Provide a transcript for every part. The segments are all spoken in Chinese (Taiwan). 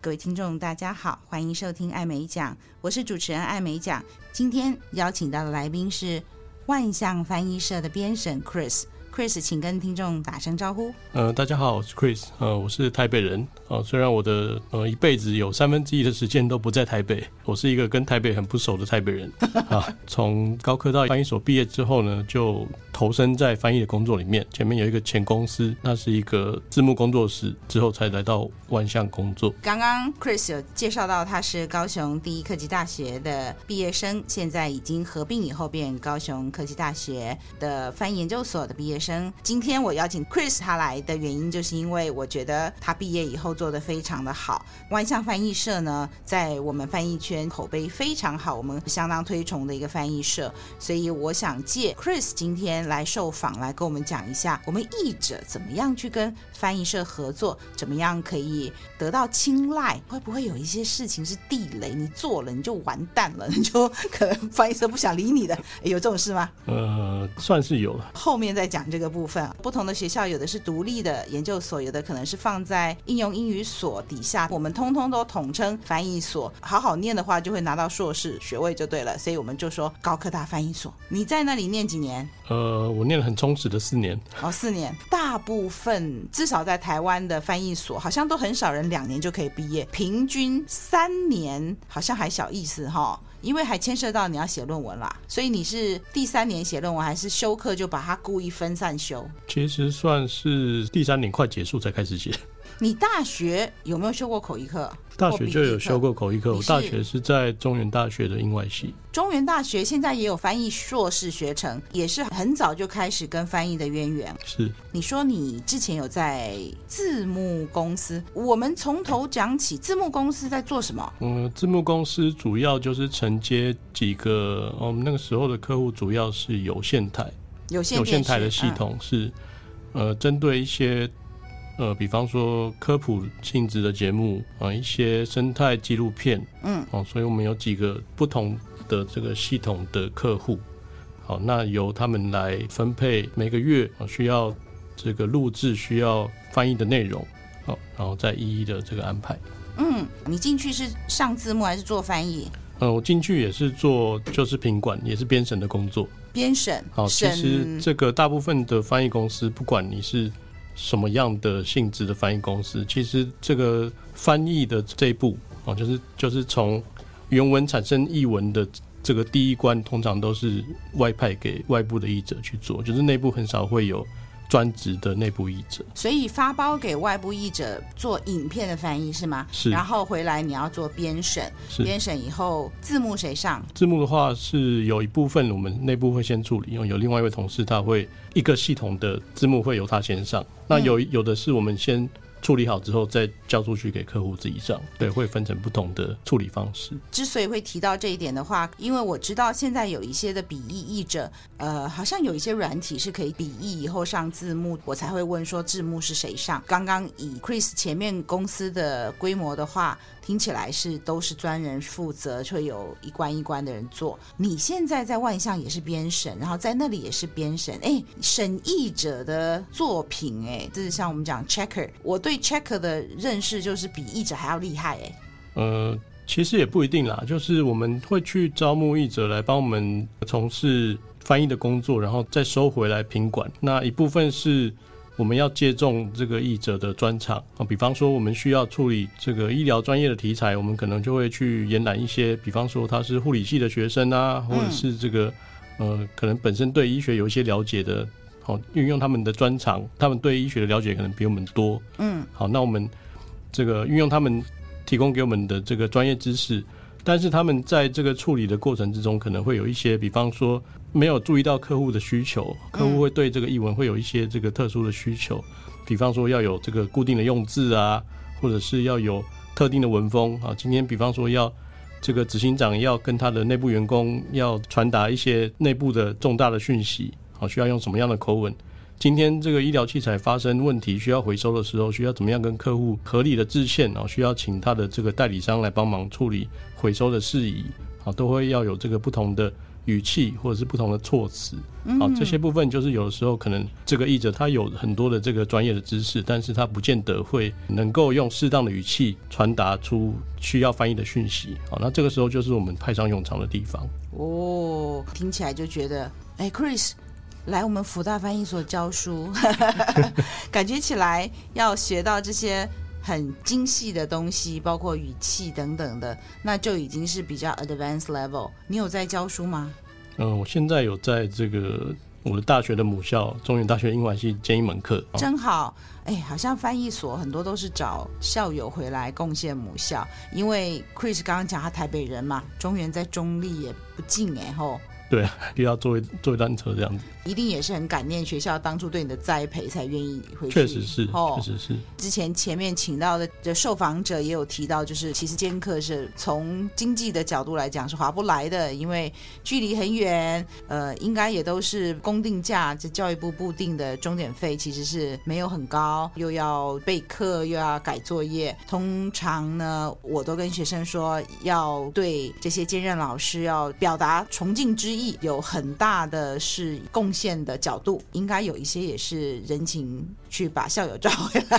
各位聽眾，大家好，歡迎收聽《艾美講》，我是主持人艾美講。今天邀請到的來賓是萬象翻譯社的編審 Kris。Kris，請跟聽眾打聲招呼。嗯、呃，大家好，我是 Kris。呃，我是台北人。啊、呃，雖然我的呃一輩子有三分之一的時間都不在台北，我是一個跟台北很不熟的台北人。 啊，從高科大翻譯所畢業之後呢，就投身在翻譯的工作裡面。前面有一個前公司，那是一個字幕工作室，之後才來到萬象工作。剛剛 Kris 有介紹到，他是高雄第一科技大學的畢業生，現在已經合併以後變高雄科技大學的翻譯研究所的畢業生。今天我邀請 Kris 他來的原因，就是因為我覺得他畢業以後做的非常的好。萬象翻譯社呢，在我們翻譯圈口碑非常好，我們相當推崇的一個翻譯社。所以我想借 Kris 今天來受訪，來跟我們講一下，我們譯者怎麼樣去跟翻譯社合作，怎麼樣可以得到青睞？會不會有一些事情是地雷，你做了你就完蛋了，你就可能翻譯社不想理你的？有這種事嗎？呃，算是有了，後面再講。這個部分，不同的學校有的是獨立的研究所，有的可能是放在應用英語所底下，我們通通都統稱翻譯所。好好念的話，就會拿到碩士學位就對了，所以我們就說高科大翻譯所。你在那裡念幾年？呃，我念了很充實的四年。哦，四年，大部分至少在台灣的翻譯所，好像都很少人兩年就可以畢業，平均三年好像還小意思哈、哦。因為還牽涉到你要寫論文啦，所以你是第三年寫論文，還是修課，就把它故意分散修？其實算是第三年快結束才開始寫。你大學有沒有修過口譯課？大學就有修過口譯課。我大學是在中原大學的英外系。中原大學現在也有翻譯碩士學程，也是很早就開始跟翻譯的淵源。是，你說你之前有在字幕公司，我們從頭講起，字幕公司在做什麼？嗯，字幕公司主要就是承接幾個，哦，我們那個時候的客戶主要是有線台，有線台的系統是，嗯、呃，針對一些。呃，比方說科普性質的節目啊、呃，一些生態紀錄片，嗯，哦、呃，所以我們有幾個不同的這個系統的客戶，好、呃，那由他們來分配每個月啊、呃、需要這個錄制需要翻譯的內容，好、呃，然後再一一的這個安排。嗯，你進去是上字幕還是做翻譯？呃，我進去也是做，就是品管，也是編審的工作。編審。好、呃，其實這個大部分的翻譯公司，不管你是。什麼樣的性質的翻譯公司？其實這個翻譯的這一步啊、哦，就是就是從原文產生譯文的這個第一關，通常都是外派給外部的譯者去做，就是內部很少會有。專職的內部譯者，所以發包給外部譯者做影片的翻譯是嗎？是，然後回來你要做編審，編審是以後字幕誰上？字幕的話是有一部分我們內部會先處理，因為有另外一位同事他，會一個系統的字幕會由他先上，嗯、那有有的是我們先。處理好之後再交出去給客戶自己上，對，會分成不同的處理方式。之所以會提到這一點的話，因為我知道現在有一些的筆譯譯者，呃，好像有一些軟體是可以筆譯以後上字幕，我才會問說字幕是誰上。剛剛以 Kris 前面公司的規模的話。聽起來是都是專人負責，會有一關一關的人做。你現在在萬象也是編審，然後在那裡也是編審。哎、欸，審譯者的作品、欸，哎，就是像我們講 checker，我對 checker 的認識就是比譯者還要厲害、欸。呃，其實也不一定啦，就是我們會去招募譯者來幫我們從事翻譯的工作，然後再收回來品管。那一部分是。我們要借重這個譯者的專長啊，比方說，我們需要處理這個醫療專業的題材，我們可能就會去延攬一些，比方說他是護理系的學生啊，嗯、或者是這個呃，可能本身對醫學有一些了解的，好、哦，運用他們的專長，他們對醫學的了解可能比我們多，嗯，好，那我們這個運用他們提供給我們的這個專業知識，但是他們在這個處理的過程之中，可能會有一些，比方說。沒有注意到客戶的需求，客戶會對這個譯文會有一些這個特殊的需求，比方說要有這個固定的用字啊，或者是要有特定的文風啊。今天比方說要這個執行長要跟他的內部員工要傳達一些內部的重大的訊息啊，需要用什麼樣的口吻？今天這個醫療器材發生問題需要回收的時候，需要怎麼樣跟客戶合理的致歉啊？需要請他的這個代理商來幫忙處理回收的事宜啊，都會要有這個不同的。語氣或者是不同的措辭，好、嗯，這些部分就是有的時候可能這個譯者他有很多的這個專業的知識，但是他不見得會能夠用適當的語氣傳達出需要翻譯的訊息。好，那這個時候就是我們派上用場的地方。哦，聽起來就覺得，哎，Kris 來我們福大翻譯所教書， 感覺起來要學到這些。很精細的東西，包括語氣等等的，那就已經是比較 advanced level。你有在教書嗎？嗯、呃，我現在有在這個我的大學的母校中原大學英文系兼一門課。真好，哎、哦，好像翻譯所很多都是找校友回來貢獻母校，因為 Kris 剛剛講他台北人嘛，中原在中壢也不近，然後對、啊，又要坐一坐一班車這樣子，一定也是很感念學校當初對你的栽培，才願意回去。確實是，oh, 確實是。之前前面請到的這受訪者也有提到，就是其實兼課是從經濟的角度來講是划不來的，因為距離很遠，呃，應該也都是公定價，這教育部部定的鐘點費其實是沒有很高，又要備課，又要改作業。通常呢，我都跟學生說，要對這些兼任老師要表達崇敬之意。有很大的是貢獻的角度，應該有一些也是人情去把校友召回來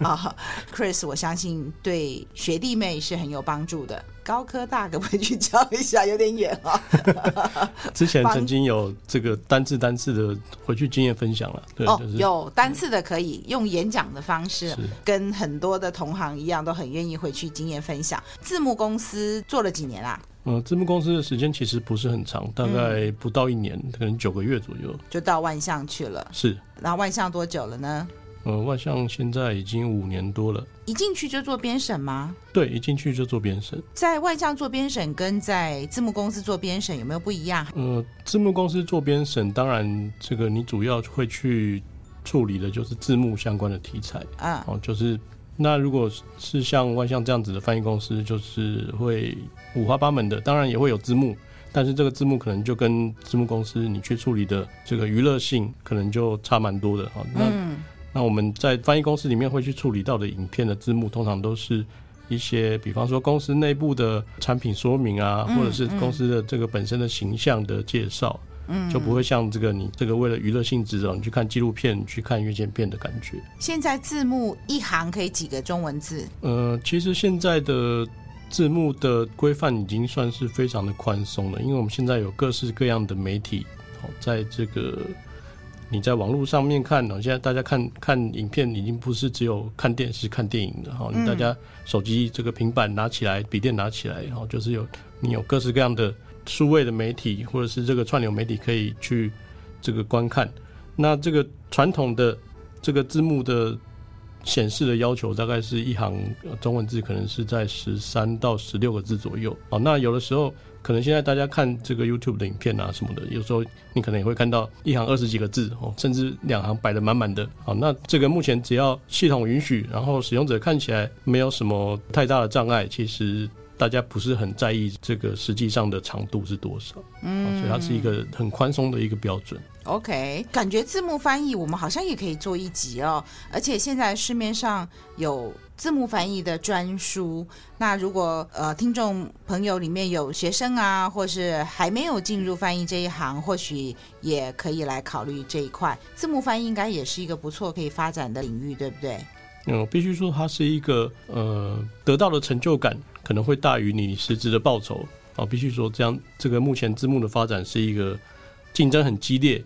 啊。 uh, Chris，我相信對學弟妹是很有幫助的。高科大可回去教一下？有點遠啊、哦。 之前曾經有這個單次單次的回去經驗分享了。對，oh, 就是、有單次的可以用演講的方式，是跟很多的同行一樣都很願意回去經驗分享。字幕公司做了幾年啦？嗯、呃，字幕公司的時間其實不是很長，大概不到一年，嗯、可能九個月左右就到萬象去了。是，那萬象多久了呢？呃，萬象現在已經五年多了。一進去就做編審嗎？對，一進去就做編審。在萬象做編審跟在字幕公司做編審有沒有不一樣？呃，字幕公司做編審，當然這個你主要會去處理的就是字幕相關的題材啊，哦，就是。那如果是像萬象這樣子的翻譯公司，就是會五花八門的，當然也會有字幕，但是這個字幕可能就跟字幕公司你去處理的這個娛樂性可能就差蠻多的啊。那那我們在翻譯公司裡面會去處理到的影片的字幕，通常都是一些，比方說公司內部的產品說明啊，或者是公司的這個本身的形象的介紹。嗯，就不會像這個你這個為了娛樂性質的你，你去看紀錄片、去看閱見片的感覺。現在字幕一行可以幾個中文字？呃，其實現在的字幕的規範已經算是非常的寬鬆了，因為我們現在有各式各樣的媒體，在這個你在網絡上面看呢，現在大家看看影片已經不是只有看電視、看電影的。哈，大家手機、這個平板拿起來、筆電拿起來，然後就是有你有各式各樣的。數位的媒體，或者是這個串流媒體可以去這個觀看，那這個傳統的這個字幕的顯示的要求大概是一行中文字可能是在十三到十六個字左右。好，那有的時候可能現在大家看這個 YouTube 的影片啊，什麼的，有時候你可能也會看到一行二十幾個字哦，甚至兩行擺得滿滿的。好，那這個目前只要系統允許，然後使用者看起來沒有什麼太大的障礙，其實。大家不是很在意這個實際上的長度是多少，嗯、啊，所以它是一個很寬鬆的一個標準。OK，感覺字幕翻譯我們好像也可以做一集哦，而且現在市面上有字幕翻譯的專書，那如果呃聽眾朋友裡面有學生啊，或是還沒有進入翻譯這一行，或許也可以來考慮這一塊。字幕翻譯應該也是一個不錯可以發展的領域，對不對？嗯，必須說它是一個呃，得到的成就感可能會大於你實質的報酬啊、哦。必須說這樣，這個目前字幕的發展是一個競爭很激烈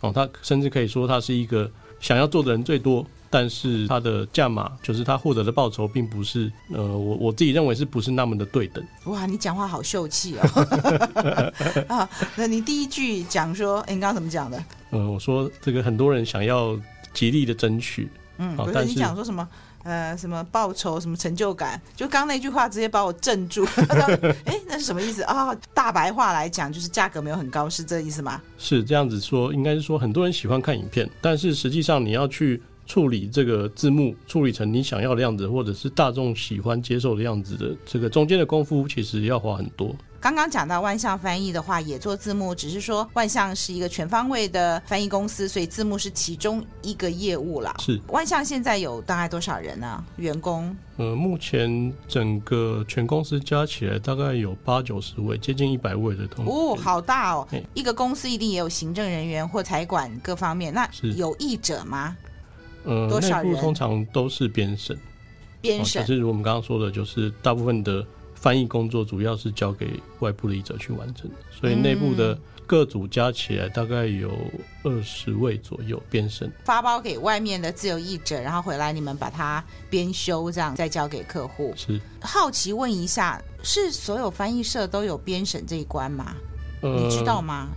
哦。它甚至可以說它是一個想要做的人最多，但是它的價碼就是它獲得的報酬，並不是呃，我我自己認為是不是那麼的對等？哇，你講話好秀氣哦！啊、 哦，那你第一句講說，哎、欸，你剛剛怎麼講的？嗯，我說這個很多人想要極力的爭取。嗯，比如說你講說什麼，是呃，什麼報酬，什麼成就感，就剛剛那句話直接把我鎮住。 誒，那是什麼意思啊？哦，大白話來講，就是價格沒有很高，是這個意思嗎？是這樣子說，應該是說很多人喜歡看影片，但是實際上你要去處理這個字幕，處理成你想要的樣子，或者是大眾喜歡接受的樣子的，這個中間的功夫其實要花很多。剛剛講到萬象翻譯的話，也做字幕，只是說萬象是一個全方位的翻譯公司，所以字幕是其中一個業務了。是，萬象現在有大概多少人呢？員工？呃，目前整個全公司加起來大概有八九十位，接近一百位的同事。哦，好大哦！嘿一個公司一定也有行政人員或財管各方面。那有譯者嗎？呃，多少人？通常都是編審，編審省。就、啊、是我們剛剛說的，就是大部分的。翻譯工作主要是交給外部的譯者去完成，所以內部的各組加起來大概有二十位左右編審。嗯，發包給外面的自由譯者，然後回來你們把它編修，這樣再交給客戶。是，好奇問一下，是所有翻譯社都有編審這一關嗎？呃、你知道嗎？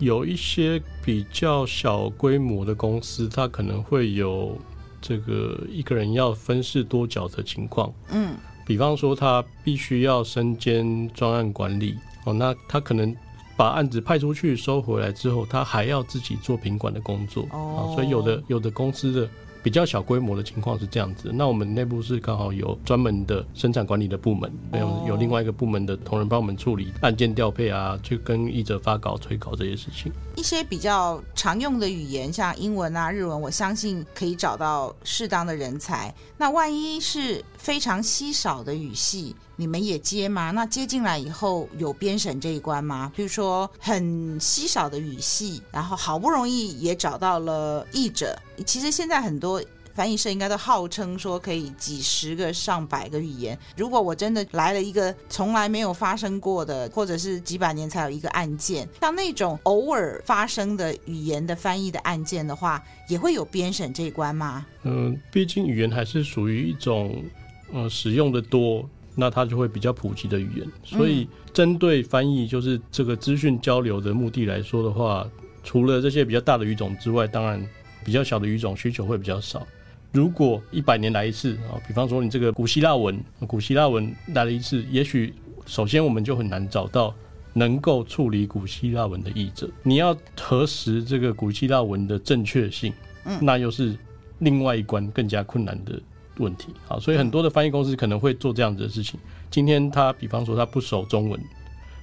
有一些比較小規模的公司，它可能會有這個一個人要分飾多角的情況。嗯。比方說，他必須要身兼專案管理哦，那他可能把案子派出去收回來之後，他還要自己做品管的工作哦。Oh. 所以，有的有的公司的比較小規模的情況是這樣子的。那我們內部是剛好有專門的生產管理的部門，有、oh. 有另外一個部門的同仁幫我們處理案件調配啊，去跟譯者發稿、催稿這些事情。一些比較常用的語言，像英文啊、日文，我相信可以找到適當的人才。那萬一是？非常稀少的語系，你們也接嗎？那接進來以後有編審這一關嗎？比如說很稀少的語系，然後好不容易也找到了譯者。其實現在很多翻譯社應該都號稱說可以幾十個、上百個語言。如果我真的來了一個從來沒有發生過的，或者是幾百年才有一個案件，像那種偶爾發生的語言的翻譯的案件的話，也會有編審這一關嗎？嗯，畢竟語言還是屬於一種。呃，使用的多，那它就會比較普及的語言。所以，針對翻譯就是這個資訊交流的目的來說的話，除了這些比較大的語種之外，當然比較小的語種需求會比較少。如果一百年來一次啊，比方說你這個古希臘文，古希臘文來了一次，也許首先我們就很難找到能夠處理古希臘文的譯者。你要核實這個古希臘文的正確性，那又是另外一關更加困難的。問題好，所以很多的翻譯公司可能會做這樣子的事情。今天他比方說他不熟中文，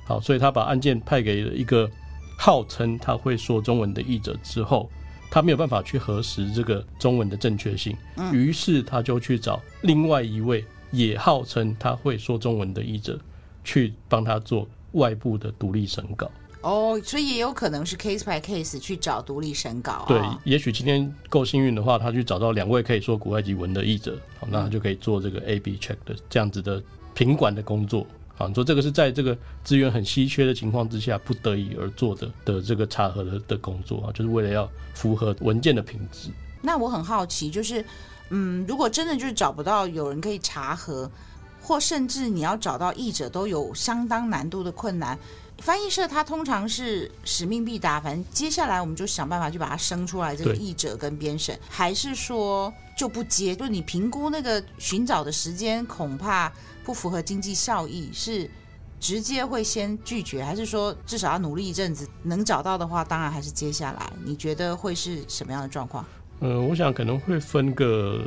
好，所以他把案件派給了一個號稱他會說中文的譯者之後，他沒有辦法去核實這個中文的正確性，於是他就去找另外一位也號稱他會說中文的譯者，去幫他做外部的獨立審稿。哦，oh, 所以也有可能是 case by case 去找獨立審稿。對，哦、也許今天夠幸運的話，他去找到兩位可以說古埃及文的譯者，好、嗯，那他就可以做這個 A B check 的這樣子的品管的工作。好、啊，你說這個是在這個資源很稀缺的情況之下，不得已而做的的這個查核的的工作啊，就是為了要符合文件的品質。那我很好奇，就是，嗯，如果真的就是找不到有人可以查核，或甚至你要找到譯者都有相當難度的困難。翻譯社它通常是使命必達，反正接下來我們就想辦法去把它生出來。這個譯者跟編審，對還是說就不接？就是你評估那個尋找的時間，恐怕不符合經濟效益，是直接會先拒絕，還是說至少要努力一陣子，能找到的話，當然還是接下來？你覺得會是什麼樣的狀況？嗯、呃，我想可能會分個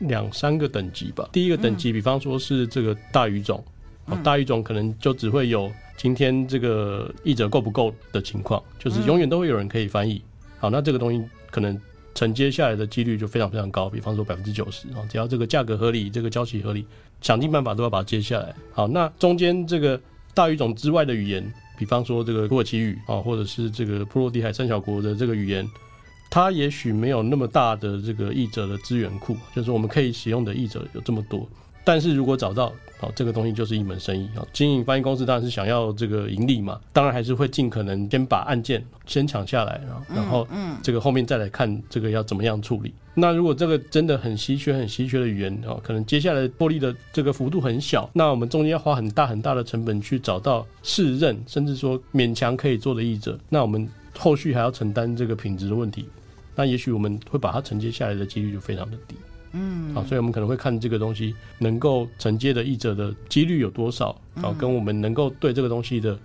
兩三個等級吧。第一個等級，比方說是這個大語種，嗯哦、大語種可能就只會有。今天這個譯者夠不夠的情況，就是永遠都會有人可以翻譯。好，那這個東西可能承接下來的幾率就非常非常高，比方說百分之九十啊，只要這個價格合理，這個交期合理，想盡辦法都要把它接下來。好，那中間這個大語種之外的語言，比方說這個土耳其語啊，或者是這個波羅的海三小國的這個語言，它也許沒有那麼大的這個譯者的資源庫，就是我們可以使用的譯者有這麼多。但是如果找到這個東西就是一門生意啊，經營翻譯公司當然是想要這個盈利嘛，當然還是會盡可能先把案件先搶下來啊，然後，嗯，這個後面再來看這個要怎麼樣處理。嗯，嗯。那如果這個真的很稀缺、很稀缺的語言啊，可能接下來獲利的這個幅度很小，那我們中間要花很大很大的成本去找到適任，甚至說勉強可以做的譯者，那我們後續還要承擔這個品質的問題，那也許我們會把它承接下來的幾率就非常的低。嗯，好，啊，所以我們可能會看這個東西能夠承接的譯者的幾率有多少，啊，嗯、跟我們能夠對這個東西的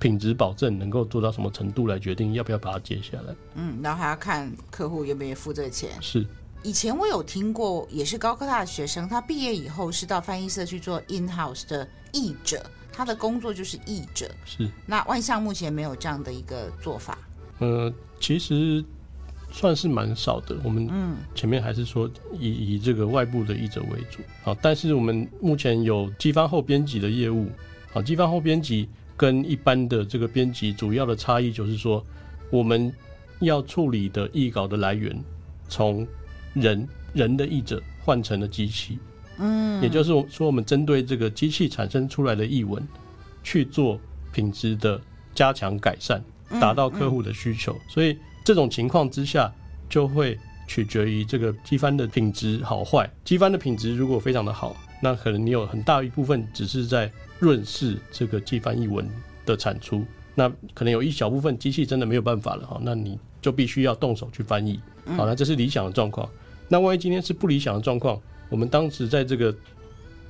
品質保證能夠做到什麼程度來決定要不要把它接下來。嗯，然後還要看客戶有沒有付這個錢。是，以前我有聽過，也是高科大的學生，他畢業以後是到翻譯社去做 in house 的譯者，他的工作就是譯者。是，那萬象目前沒有這樣的一個做法。嗯，呃，其實。算是蠻少的。我們嗯，前面還是說以以這個外部的譯者為主好，但是我們目前有機翻後編輯的業務好。機翻後編輯跟一般的這個編輯主要的差異就是說，我們要處理的譯稿的來源從人人的譯者換成了機器，嗯，也就是說，我們針對這個機器產生出來的譯文去做品質的加強改善，達到客戶的需求，嗯嗯、所以。這種情況之下，就會取決於這個機翻的品質好壞。機翻的品質如果非常的好，那可能你有很大一部分只是在潤飾這個機翻譯文的產出。那可能有一小部分機器真的沒有辦法了哈，那你就必須要動手去翻譯。好了，那這是理想的狀況。那萬一今天是不理想的狀況，我們當時在這個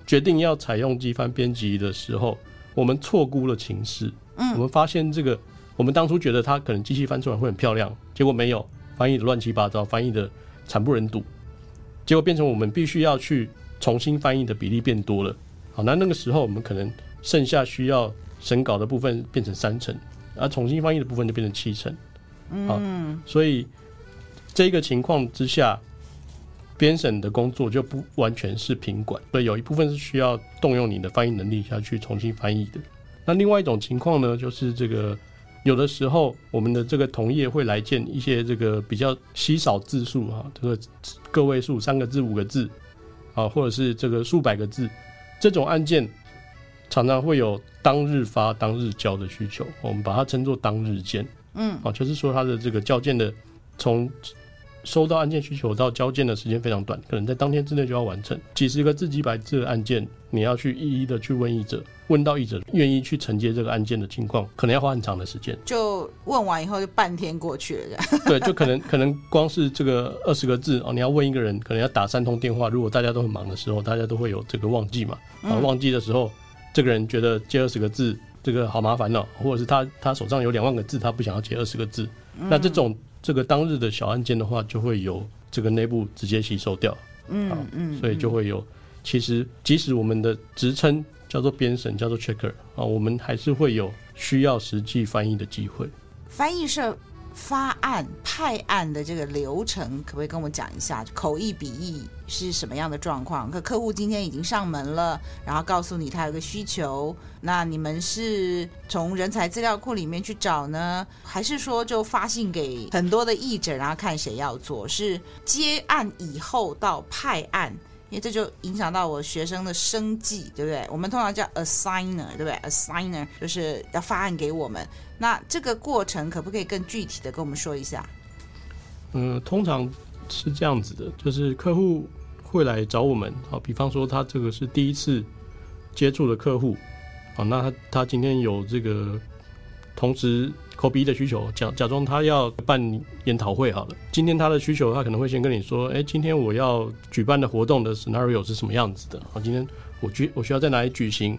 決定要採用機翻編輯的時候，我們錯估了情勢。嗯，我們發現這個。我們當初覺得它可能機器翻出來會很漂亮，結果沒有翻譯的亂七八糟，翻譯的慘不忍睹，結果變成我們必須要去重新翻譯的比例變多了。好，那那個時候我們可能剩下需要審稿的部分變成三成，而、啊、重新翻譯的部分就變成七成。嗯，所以這個情況之下，編審的工作就不完全是品管，所以有一部分是需要動用你的翻譯能力下去重新翻譯的。那另外一種情況呢，就是這個。有的時候，我們的這個同業會來建一些這個比較稀少字數哈，這個個位數、三個字、五個字啊，或者是這個數百個字這種案件，常常會有當日發、當日交的需求，我們把它稱作當日件。嗯，啊，就是說它的這個交件的，從收到案件需求到交件的時間非常短，可能在當天之內就要完成幾十個字、幾百字的案件，你要去一一的去問譯者。問到譯者願意去承接這個案件的情況，可能要花很長的時間。就問完以後，就半天過去了，這樣。對，就可能可能光是這個二十個字哦，你要問一個人，可能要打三通電話。如果大家都很忙的時候，大家都會有這個旺季嘛，啊、哦，嗯、旺季的時候，這個人覺得接二十個字這個好麻煩了、哦，或者是他他手上有兩萬個字，他不想要接二十個字。嗯、那這種這個當日的小案件的話，就會由這個內部直接吸收掉。嗯嗯，嗯所以就會有，嗯、其實即使我們的職稱。叫做編審，叫做 checker，啊，我們還是會有需要實際翻譯的機會。翻譯社發案派案的這個流程，可不可以跟我講一下？口譯筆譯是什麼樣的狀況？可客戶今天已經上門了，然後告訴你他有個需求，那你們是從人才資料庫裡面去找呢，還是說就發信給很多的譯者，然後看誰要做？是接案以後到派案？因為這就影響到我學生的生計，對不對？我們通常叫 assigner，對不對？assigner 就是要發案給我們。那這個過程可不可以更具體的跟我們說一下？嗯、呃，通常是這樣子的，就是客戶會來找我們。好，比方說他這個是第一次接觸的客戶，好，那他，他今天有這個同時。口譯的需求，假假裝他要辦研討會好了。今天他的需求，他可能會先跟你說：“哎、欸，今天我要舉辦的活動的 scenario 是什麼樣子的？哦，今天我舉我需要在哪裡舉行？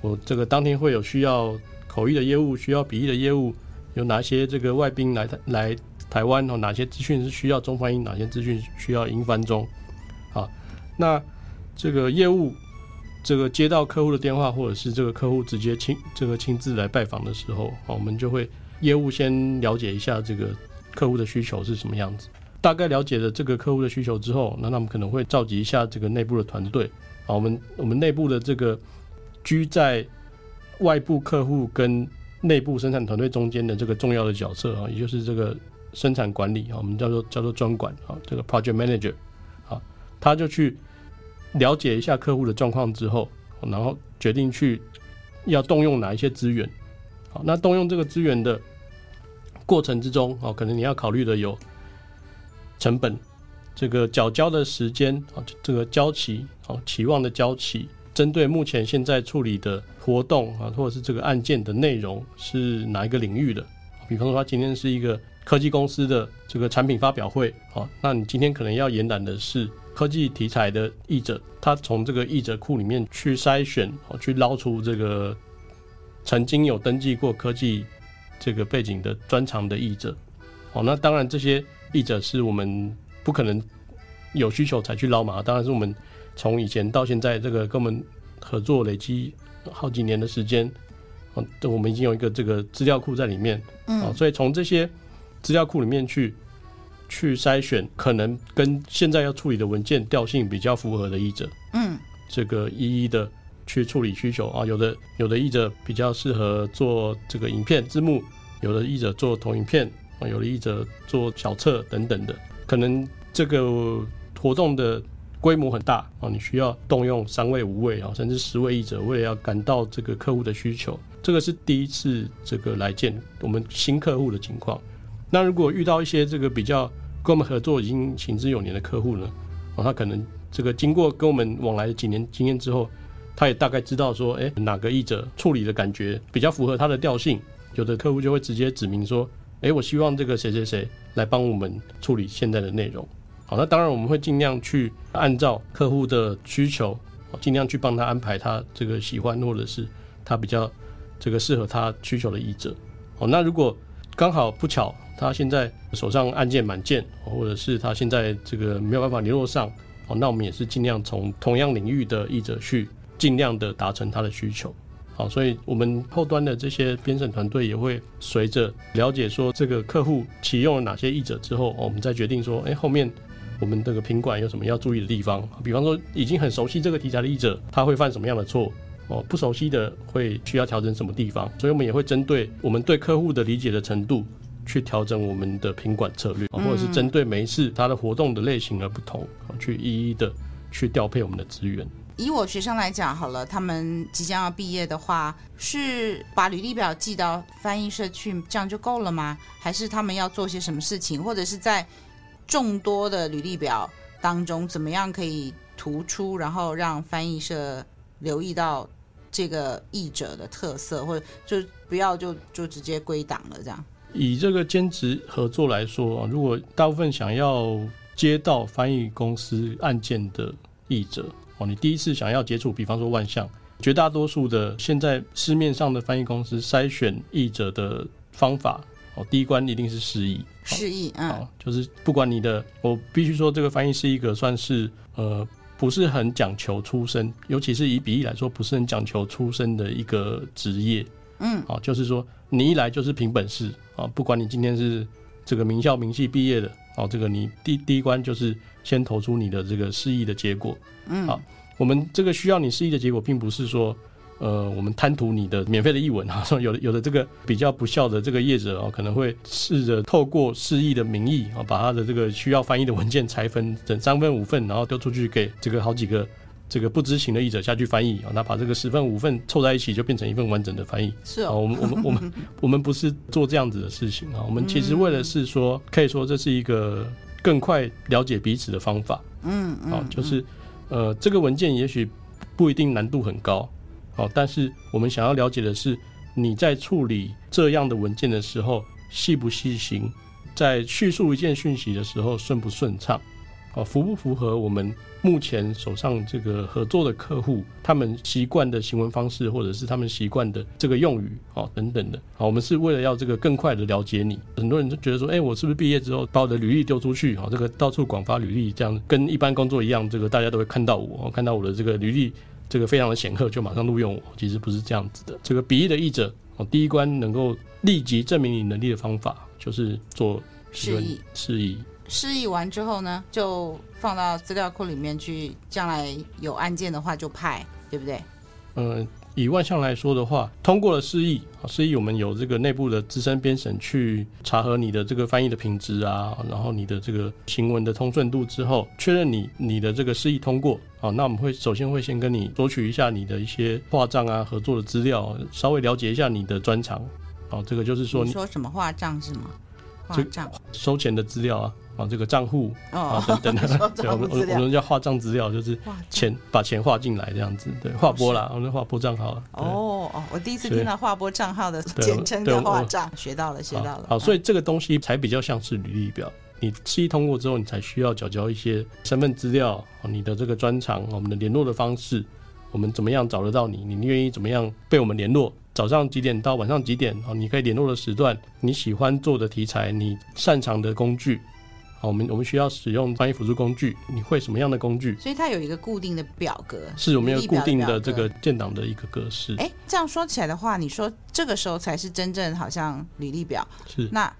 我這個當天會有需要口譯的業務，需要筆譯的業務，有哪些這個外賓來，來台來台灣？然後哪些資訊是需要中翻英？哪些資訊需要英翻中？好，那這個業務，這個接到客戶的電話，或者是這個客戶直接親這個親自來拜訪的時候，好，我們就會。業務先了解一下這個客戶的需求是什麼樣子，大概了解了這個客戶的需求之後，那他們可能會召集一下這個內部的團隊，啊，我們我們內部的這個居在外部客戶跟內部生產團隊中間的這個重要的角色啊，也就是這個生產管理啊，我們叫做叫做專管啊，這個 project manager，啊，他就去了解一下客戶的狀況之後，然後決定去要動用哪一些資源，好，那動用這個資源的。過程之中啊，可能你要考慮的有成本，這個繳交的時間啊，這個交期啊，期望的交期。針對目前現在處理的活動啊，或者是這個案件的內容是哪一個領域的？比方說他今天是一個科技公司的這個產品發表會啊，那你今天可能要延攬的是科技題材的譯者，他從這個譯者庫裡面去篩選，去撈出這個曾經有登記過科技。這個背景的專長的譯者，哦，那當然這些譯者是我們不可能有需求才去撈嘛，當然是我們從以前到現在這個跟我們合作累積好幾年的時間，啊，我們已經有一個這個資料庫在裡面，啊、嗯，所以從這些資料庫裡面去去篩選可能跟現在要處理的文件調性比較符合的譯者，嗯，這個一一的。去處理需求啊，有的有的譯者比較適合做這個影片字幕，有的譯者做投影片啊，有的譯者做小冊等等的。可能這個活動的規模很大啊，你需要動用三位五位啊，甚至十位譯者，為了要趕到這個客戶的需求。這個是第一次這個來見我們新客戶的情況。那如果遇到一些這個比較跟我們合作已經行之有年的客戶呢，啊，他可能這個經過跟我們往來的幾年經驗之後。他也大概知道說，誒，哪個譯者處理的感覺比較符合他的調性，有的客戶就會直接指明說，誒，我希望這個誰誰誰來幫我們處理現在的內容。好，那當然我們會盡量去按照客戶的需求，盡量去幫他安排他這個喜歡或者是他比較這個適合他需求的譯者。好，那如果剛好不巧，他現在手上案件滿件，或者是他現在這個沒有辦法聯絡上，哦，那我們也是盡量從同樣領域的譯者去。盡量的達成他的需求，好，所以我們後端的這些編審團隊也會隨着了解說這個客戶啟用了哪些譯者之後，哦，我們再決定說，誒、欸，後面我們這個品管有什麼要注意的地方？比方說，已經很熟悉這個題材的譯者，他會犯什麼樣的錯？哦，不熟悉的會需要調整什麼地方？所以，我們也會針對我們對客戶的理解的程度，去調整我們的品管策略，或者是針對每一次它的活動的類型而不同，去一一的去調配我們的資源。以我學生來講，好了，他們即將要畢業的話，是把履歷表寄到翻譯社去，這樣就夠了嗎？還是他們要做些什麼事情，或者是在眾多的履歷表當中，怎麼樣可以突出，然後讓翻譯社留意到這個譯者的特色，或者就不要就就直接歸檔了？這樣，以這個兼職合作來說，如果大部分想要接到翻譯公司案件的譯者。哦，你第一次想要接觸，比方說萬象，絕大多數的現在市面上的翻譯公司篩選譯者的方法，哦，第一關一定是試譯，試譯，嗯，就是不管你的，我必須說，這個翻譯是一個算是呃，不是很講求出身，尤其是以筆譯來說，不是很講求出身的一個職業。嗯，哦，就是說你一來就是憑本事啊，不管你今天是這個名校名系畢業的，哦，這個你第第一關就是。先投出你的這個試譯的結果，嗯，好，我們這個需要你試譯的結果，並不是說，呃，我們貪圖你的免費的譯文啊，有的有的這個比較不肖的這個業者啊，可能會試着透過試譯的名義啊，把他的這個需要翻譯的文件拆分成三份五份，然後丟出去給這個好幾個這個不知情的譯者下去翻譯啊，那把這個十份五份湊在一起，就變成一份完整的翻譯，是啊，哦，我們我們我們 我們不是做這樣子的事情啊，我們其實為了是說，可以說這是一個。更快了解彼此的方法，嗯嗯好，就是，呃，這個文件也許不一定難度很高，好，但是我們想要了解的是，你在處理這樣的文件的時候細不細心？在敘述一件訊息的時候順不順暢。哦，符不符合我們目前手上這個合作的客戶，他們習慣的行文方式，或者是他們習慣的這個用語，哦，等等的，好、哦，我們是為了要這個更快的了解你。很多人就覺得說，誒，我是不是畢業之後把我的履歷丟出去，哦，這個到處廣發履歷，這樣跟一般工作一樣，這個大家都會看到我、哦，看到我的這個履歷，這個非常的顯赫，就馬上錄用我。其實不是這樣子的。這個筆譯的譯者，哦，第一關能夠立即證明你能力的方法，就是做試譯，試譯。試譯完之後呢，就放到資料庫裡面去，將來有案件的話就派，對不對？嗯、呃，以萬象來說的話，通過了試譯啊，試譯我們有這個內部的資深編審去查核你的這個翻譯的品質啊，然後你的這個行文的通順度之後，確認你你的這個試譯通過啊，那我們會首先會先跟你索取一下你的一些畫賬啊、合作的資料，稍微了解一下你的專長。好，這個就是說你，你說什麼畫賬是嗎？就收錢的資料啊，啊，這個賬戶、哦、啊等等啊，的、哦、我們我們叫畫賬資料，就是錢畫帳把錢劃進來這樣子，對，劃撥了，是我們劃撥賬號了。哦哦，我第一次聽到劃撥賬號的簡稱叫畫賬，學到了，學到了。好，所以這個東西才比較像是履歷表，你試譯通過之後，你才需要繳交一些身份資料，你的這個專長，我們的聯絡的方式，我們怎麼樣找得到你，你願意怎麼樣被我們聯絡。早上幾點到晚上幾點？哦，你可以聯絡的時段，你喜歡做的題材，你擅長的工具，好，我們我們需要使用翻譯輔助工具，你會什麼樣的工具？所以它有一個固定的表格，是有沒有固定的這個建檔的一個格式？哎、欸，這樣說起來的話，你說這個時候才是真正好像履歷表，是那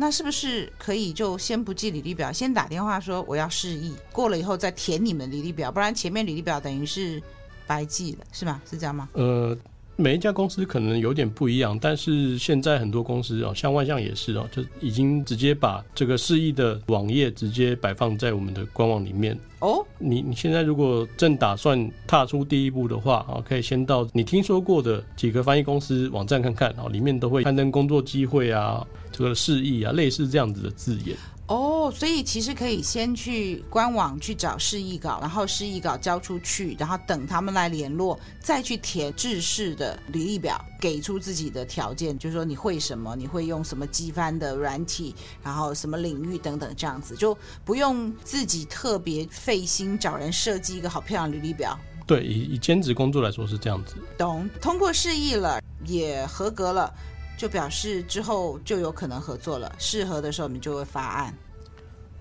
那是不是可以就先不記履歷表，先打電話說我要試譯過了以後再填你們履歷表，不然前面履歷表等於是白記了，是吧？是這樣嗎？呃。每一家公司可能有點不一樣，但是現在很多公司哦，像萬象也是哦，就已經直接把這個試譯的網頁直接擺放在我們的官網裡面哦。你你現在如果正打算踏出第一步的話啊，可以先到你聽說過的幾個翻譯公司網站看看哦，裡面都會刊登工作機會啊，這個試譯啊，類似這樣子的字眼。哦，oh, 所以其實可以先去官網去找試譯稿，然後試譯稿交出去，然後等他們來聯絡，再去填制式的履歷表，給出自己的條件，就是說你會什麼，你會用什麼機翻的軟體，然後什麼領域等等，這樣子就不用自己特別費心找人設計一個好漂亮的履歷表。對，以以兼職工作來說是這樣子。懂，通過試譯了，也合格了。就表示之後就有可能合作了，適合的時候你就會發案。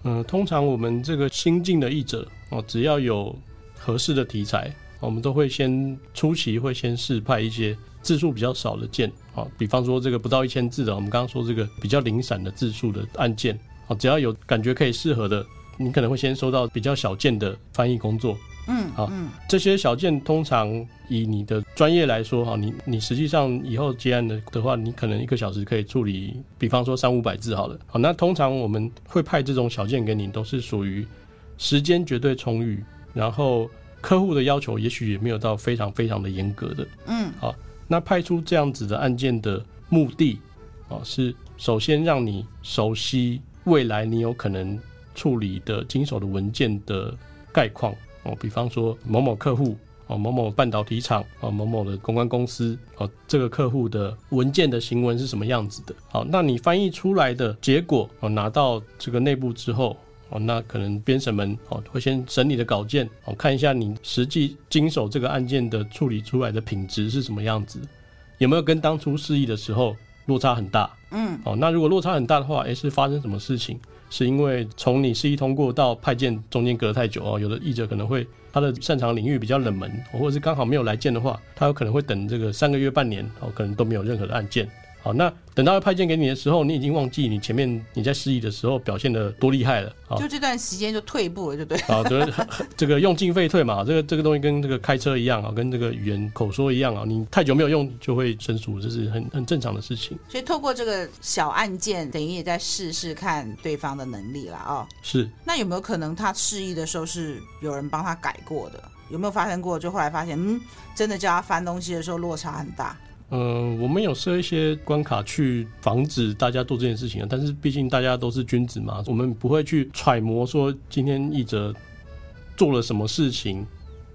嗯、呃，通常我們這個新進的譯者哦，只要有合適的題材，我們都會先初期會先試派一些字數比較少的件啊、哦，比方說這個不到一千字的，我們剛剛說這個比較零散的字數的案件啊、哦，只要有感覺可以適合的，你可能會先收到比較小件的翻譯工作。嗯，好，嗯，這些小件通常以你的專業來說，哈，你你實際上以後接案的的話，你可能一個小時可以處理，比方說三五百字好了，好，那通常我們會派這種小件給你，都是屬於時間絕對充裕，然後客戶的要求也許也沒有到非常非常的嚴格的，嗯，好，那派出這樣子的案件的目的，哦，是首先讓你熟悉未來你有可能處理的經手的文件的概況。哦，比方說某某客戶，哦，某某半導體廠，哦，某某的公關公司，哦，這個客戶的文件的行文是什麼樣子的？好，那你翻譯出來的結果，哦，拿到這個內部之後，哦，那可能編審們，哦，會先審你的稿件，哦，看一下你實際經手這個案件的處理出來的品質是什麼樣子，有沒有跟當初示意的時候。落差很大，嗯，好、哦，那如果落差很大的話，誒，是發生什麼事情？是因為從你試譯通過到派件中間隔太久哦，有的譯者可能會他的擅長領域比較冷門、哦，或者是剛好沒有來件的話，他有可能會等這個三個月半年哦，可能都沒有任何的案件。好，那等到他派件給你的時候，你已經忘記你前面你在試譯的時候表現的多厲害了啊！就這段時間就退步了，就對了好，就對。啊，對，這個用進廢退嘛，這個這個東西跟這個開車一樣啊，跟這個語言口說一樣啊，你太久沒有用就會生疏，這是很很正常的事情。所以透過這個小案件，等於也在試試看對方的能力了啊。哦、是。那有沒有可能他試譯的時候是有人幫他改過的？有沒有發生過？就後來發現，嗯，真的叫他翻東西的時候落差很大。呃，我們有設一些關卡去防止大家做這件事情，但是畢竟大家都是君子嘛，我們不會去揣摩說今天譯者做了什麼事情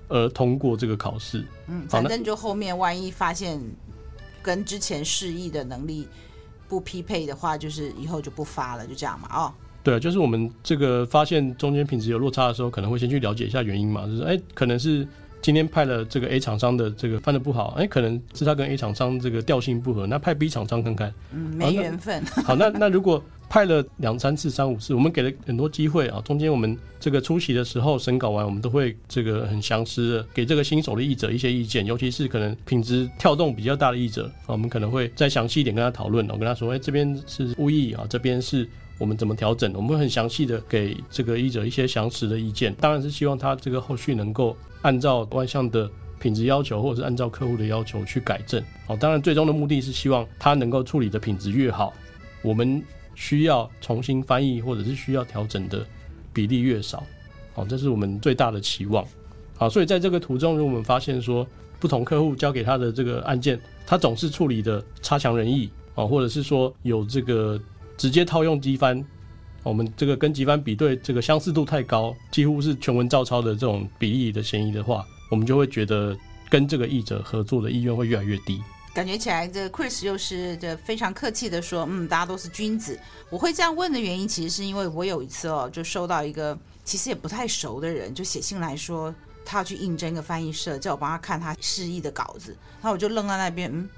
而通過這個考試。嗯，反正就後面萬一發現跟之前試譯的能力不匹配的話，就是以後就不發了，就這樣嘛，哦。對，就是我們這個發現中間品質有落差的時候，可能會先去了解一下原因嘛，就是哎、欸，可能是。今天派了這個 A 廠商的這個翻得不好，哎，可能是他跟 A 廠商這個調性不合。那派 B 廠商看看，嗯，沒緣分。好，那好那，那如果派了兩三次，三五次，我們給了很多機會啊。中間我們這個出席的時候審稿完，我們都會這個很詳細的給這個新手的譯者一些意見，尤其是可能品質跳動比較大的譯者，我們可能會再詳細一點跟他討論。我跟他說，哎，這邊是誤譯啊，這邊是。我們怎麼調整？我們會很詳細的給這個譯者一些詳實的意見，當然是希望他這個後續能夠按照萬象的品質要求，或者是按照客戶的要求去改正。好，當然最終的目的是希望他能夠處理的品質越好，我們需要重新翻譯或者是需要調整的比例越少。好，這是我們最大的期望。好，所以在這個途中，如果我們發現說不同客戶交給他的這個案件，他總是處理的差強人意，啊，或者是說有這個。直接套用機翻，我們這個跟機翻比對，這個相似度太高，幾乎是全文照抄的這種比例的嫌疑的話，我們就會覺得跟這個譯者合作的意願會越來越低。感覺起來，這 Kris 又是這非常客氣的說，嗯，大家都是君子。我會這樣問的原因，其實是因為我有一次哦、喔，就收到一個其實也不太熟的人就寫信來說，他要去應徵一個翻譯社，叫我幫他看他試譯的稿子，那我就愣在那邊，嗯，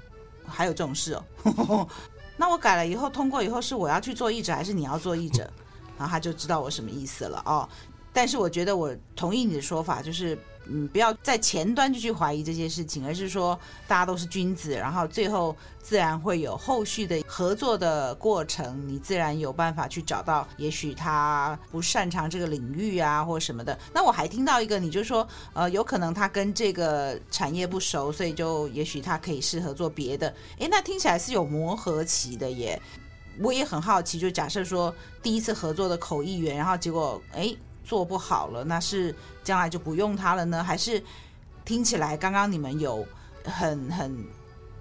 還有這種事哦、喔。 那我改了以後，通過以後是我要去做譯者，還是你要做譯者？然後他就知道我什麼意思了哦。但是我覺得我同意你的說法，就是。嗯，不要在前端就去懷疑這些事情，而是說大家都是君子，然後最後自然會有後續的合作的過程，你自然有辦法去找到。也許他不擅長這個領域啊，或者什麼的。那我還聽到一個，你就說，呃，有可能他跟這個產業不熟，所以就也許他可以適合做別的。誒，那聽起來是有磨合期的耶。我也很好奇，就假設說第一次合作的口譯員，然後結果哎。誒做不好了，那是將來就不用他了呢？還是聽起來剛剛你們有很很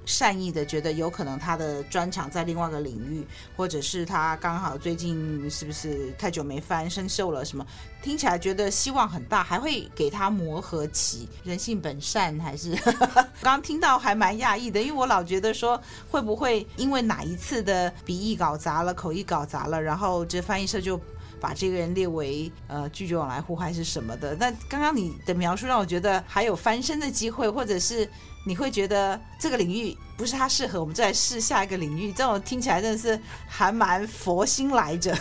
善意的覺得有可能他的專長在另外一個領域，或者是他剛好最近是不是太久沒翻生鏽了什麼，聽起來覺得希望很大，還會給他磨合期？人性本善還是 剛聽到還蠻訝異的，因為我老覺得說會不會因為哪一次的筆譯搞砸了，口譯搞砸了，然後這翻譯社就。把這個人列為呃拒絕往來戶還是什麼的？那剛剛你的描述讓我覺得還有翻身的機會，或者是你會覺得這個領域不是他適合，我們再來試下一個領域。這種聽起來真的是還蠻佛心來着，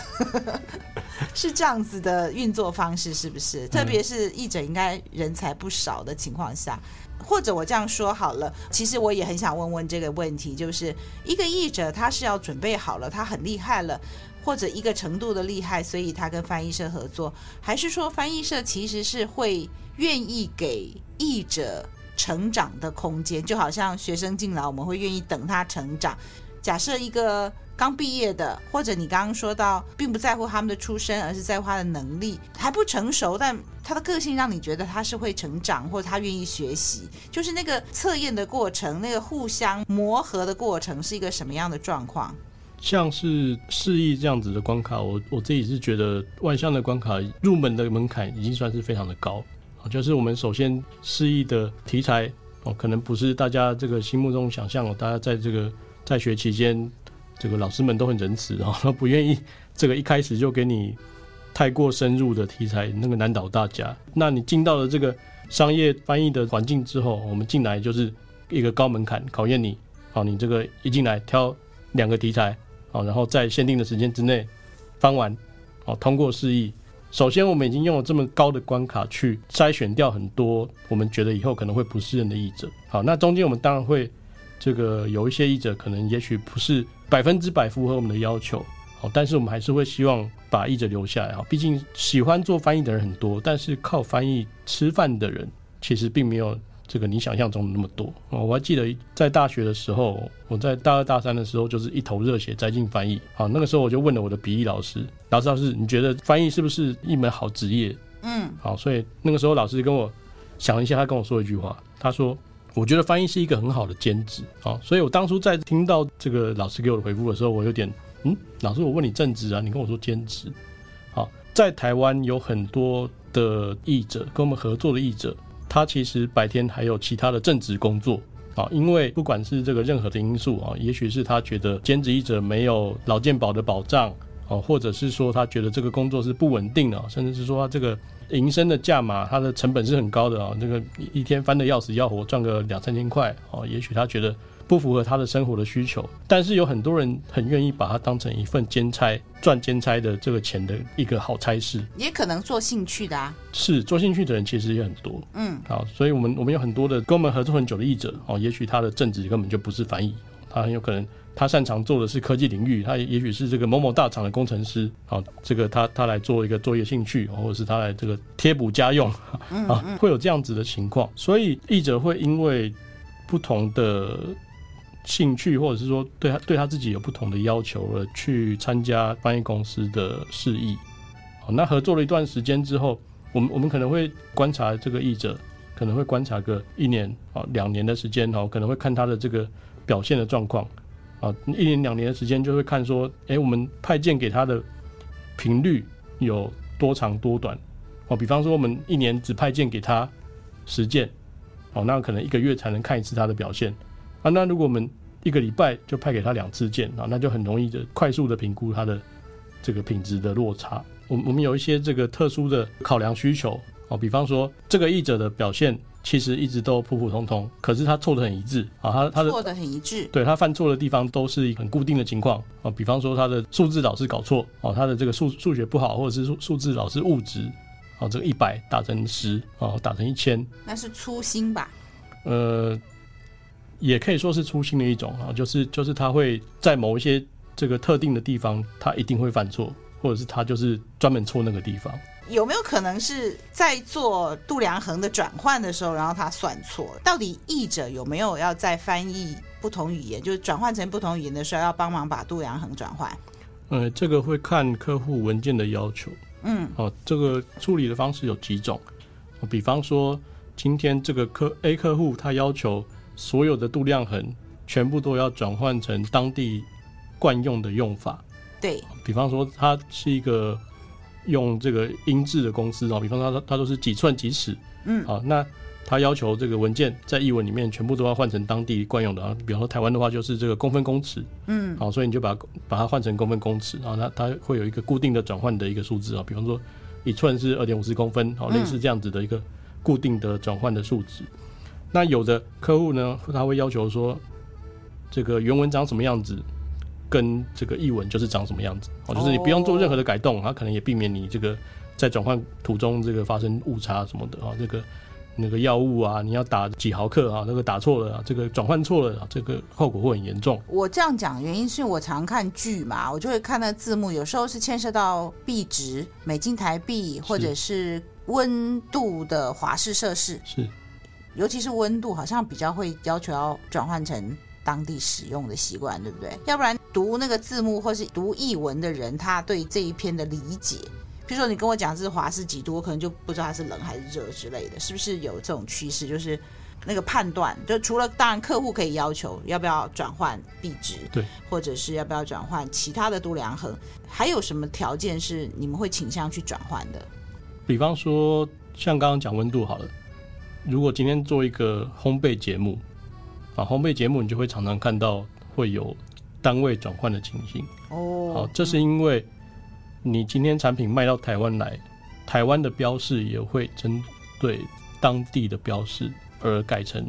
是這樣子的運作方式是不是？特別是譯者應該人才不少的情況下，嗯、或者我這樣說好了，其實我也很想問問這個問題，就是一個譯者他是要準備好了，他很厲害了。或者一個程度的厲害，所以他跟翻譯社合作，還是說翻譯社其實是會願意給譯者成長的空間？就好像學生進來，我們會願意等他成長。假設一個剛畢業的，或者你剛剛說到，並不在乎他們的出身，而是在乎他的能力還不成熟，但他的個性讓你覺得他是會成長，或者他願意學習。就是那個測驗的過程，那個互相磨合的過程，是一個什麼樣的狀況？像是試譯這樣子的關卡，我我自己是覺得萬象的關卡入門的門檻已經算是非常的高，就是我們首先試譯的題材哦，可能不是大家這個心目中想象哦。大家在這個在學期間，這個老師們都很仁慈啊、哦，不願意這個一開始就給你太過深入的題材，那個難倒大家。那你進到了這個商業翻譯的環境之後，我們進來就是一個高門檻考驗你，好，你這個一進來挑兩個題材。好，然後在限定的時間之內翻完，好。通過試譯，首先，我們已經用了這麼高的關卡去篩選掉很多我們覺得以後可能會不適應的譯者。好，那中間我們當然會這個有一些譯者可能也許不是百分之百符合我們的要求，好，但是我們還是會希望把譯者留下來。好，畢竟喜歡做翻譯的人很多，但是靠翻譯吃飯的人其實並沒有。這個你想象中的那麼多啊。我還記得在大學的時候，我在大二大三的時候就是一頭熱血栽進翻譯。好，那個時候我就問了我的筆譯老師，老師，老師，你覺得翻譯是不是一門好職業？嗯，好，所以那個時候老師跟我想了一下，他跟我說一句話，他說：“我覺得翻譯是一個很好的兼職。”好，所以我當初在聽到這個老師給我的回覆的時候，我有點嗯，老師，我問你正職啊，你跟我說兼職。好，在台灣有很多的譯者跟我們合作的譯者。他其實白天還有其他的正職工作啊，因為不管是這個任何的因素啊，也許是他覺得兼職譯者沒有勞健保的保障啊，或者是說他覺得這個工作是不穩定的，甚至是說他這個營生的價碼，它的成本是很高的啊，那、這個一天翻的要死要活，賺個兩三千塊啊，也許他覺得，不符合他的生活的需求，但是有很多人很願意把它當成一份兼差，賺兼差的這個錢的一個好差事，也可能做興趣的啊，是做興趣的人其實也很多，嗯，好，所以我們我們有很多的跟我們合作很久的譯者哦，也許他的正職根本就不是翻譯，他很有可能他擅長做的是科技領域，他也許是這個某某大廠的工程師，好、哦，這個他他來做一個作業興趣，或者是他來這個貼補家用，啊、嗯嗯，會有這樣子的情況，所以譯者會因為不同的。興趣，或者是說，對他對他自己有不同的要求了，去參加翻譯公司的試譯。好，那合作了一段時間之後，我們我們可能會觀察這個譯者，可能會觀察個一年啊兩年的時間哦，可能會看他的這個表現的狀況。啊，一年兩年的時間就會看說，哎，我們派件給他的頻率有多長多短？哦，比方說我們一年只派件給他十件，哦，那可能一個月才能看一次他的表現。啊，那如果我們一個禮拜就派給他兩次件啊，那就很容易的快速的評估他的這個品質的落差。我我們有一些這個特殊的考量需求啊，比方說這個譯者的表現其實一直都普普通通，可是他錯的很一致啊，他他錯的很一致，一致對，他犯錯的地方都是很固定的情況啊。比方說他的數字老是搞錯啊，他的這個數數學不好，或者是數數字老是誤植啊，這個一百打成十啊，打成一千，那是粗心吧？呃。也可以說是粗心的一種啊，就是就是他會在某一些這個特定的地方，他一定會犯錯，或者是他就是專門錯那個地方。有沒有可能是在做度量衡的轉換的時候，然後他算錯？到底譯者有沒有要在翻譯不同語言，就是轉換成不同語言的時候，要幫忙把度量衡轉換？嗯，這個會看客戶文件的要求。嗯，好，這個處理的方式有幾種。比方說，今天這個客 A 客戶他要求。所有的度量衡全部都要轉換成當地慣用的用法，對，比方說它是一個用這個英制的公司哦，比方說它它都是幾寸幾尺，嗯，好，那它要求這個文件在譯文裡面全部都要換成當地慣用的啊。比方說台灣的話就是這個公分公尺，嗯，好，所以你就把把它換成公分公尺，然後它它會有一個固定的轉換的一個數字啊。比方說一寸是二點五十公分，好，嗯、類似這樣子的一個固定的轉換的數值。那有的客戶呢，他會要求說，這個原文長什麼樣子，跟這個譯文就是長什麼樣子，哦，就是你不用做任何的改動，它、oh. 可能也避免你這個在轉換途中這個發生誤差什麼的啊，這個那個藥物啊，你要打幾毫克啊，那個打錯了，這個轉換錯了，這個後果會很嚴重。我這樣講原因是我常看劇嘛，我就會看那字幕，有時候是牽涉到幣值，美金、台幣，或者是溫度的華氏、攝氏。是。尤其是溫度，好像比較會要求要轉換成當地使用的習慣，對不對？要不然讀那個字幕或是讀譯文的人，他對這一篇的理解，譬如說你跟我講是華氏幾度，我可能就不知道它是冷還是熱之類的，是不是有這種趨勢？就是那個判斷，就除了當然客戶可以要求要不要轉換幣值，對，或者是要不要轉換其他的度量衡，還有什麼條件是你們會傾向去轉換的？比方說像剛剛講溫度好了。如果今天做一個烘焙節目，啊，烘焙節目你就會常常看到會有單位轉換的情形。哦，好，這是因為你今天產品賣到台灣來，台灣的標示也會針對當地的標示而改成